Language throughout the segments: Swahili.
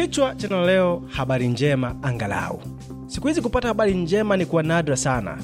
Kichwa cha leo, habari njema angalau. Siku hizi kupata habari njema ni kuwa nadra sana.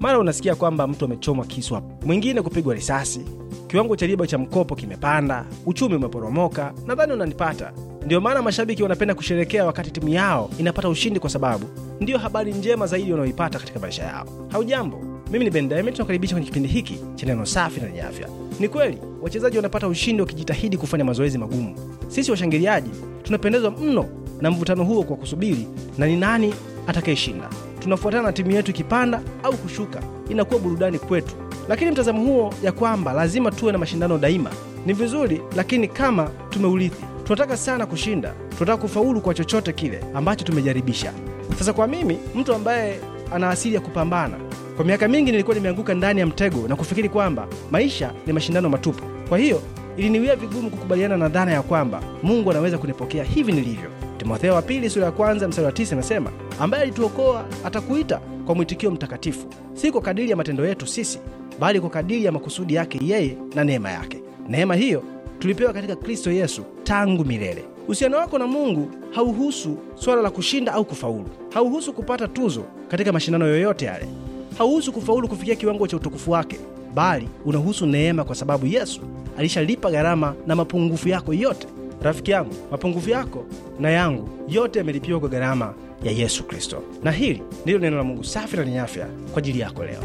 Mara unasikia kwamba mtu amechomwa kisu, mwingine kupigwa risasi, kiwango cha riba cha mkopo kimepanda, uchumi umeporomoka. Nadhani unanipata. Ndiyo maana mashabiki wanapenda kusherekea wakati timu yao inapata ushindi, kwa sababu ndiyo habari njema zaidi wanaoipata katika maisha yao. Haujambo? Mimi ni Ben Diamond, nakaribisha kwenye kipindi hiki cha neno safi na lenye afya. Ni kweli wachezaji wanapata ushindi wakijitahidi kufanya mazoezi magumu. Sisi washangiliaji tunapendezwa mno na mvutano huo kwa kusubiri na ni nani atakayeshinda. Tunafuatana na timu yetu ikipanda au kushuka, inakuwa burudani kwetu. Lakini mtazamo huo ya kwamba lazima tuwe na mashindano daima ni vizuri, lakini kama tumeulithi tunataka sana kushinda, tunataka kufaulu kwa chochote kile ambacho tumejaribisha. Sasa kwa mimi, mtu ambaye ana asili ya kupambana kwa miaka mingi nilikuwa nimeanguka ndani ya mtego na kufikiri kwamba maisha ni mashindano matupu. Kwa hiyo iliniwia vigumu kukubaliana na dhana ya kwamba Mungu anaweza kunipokea hivi nilivyo. Timotheo wa pili sura ya kwanza mstari wa tisa inasema, ambaye alituokoa atakuita kwa mwitikio mtakatifu, si kwa kadiri ya matendo yetu sisi, bali kwa kadiri ya makusudi yake yeye na neema yake. Neema hiyo tulipewa katika Kristo Yesu tangu milele. Uhusiano wako na Mungu hauhusu swala la kushinda au kufaulu, hauhusu kupata tuzo katika mashindano yoyote yale hauhusu kufaulu kufikia kiwango cha utukufu wake, bali unahusu neema, kwa sababu Yesu alishalipa gharama na mapungufu yako yote. Rafiki yangu, mapungufu yako na yangu yote yamelipiwa kwa gharama ya Yesu Kristo. Na hili ndilo neno la Mungu safi na lenye afya kwa ajili yako leo.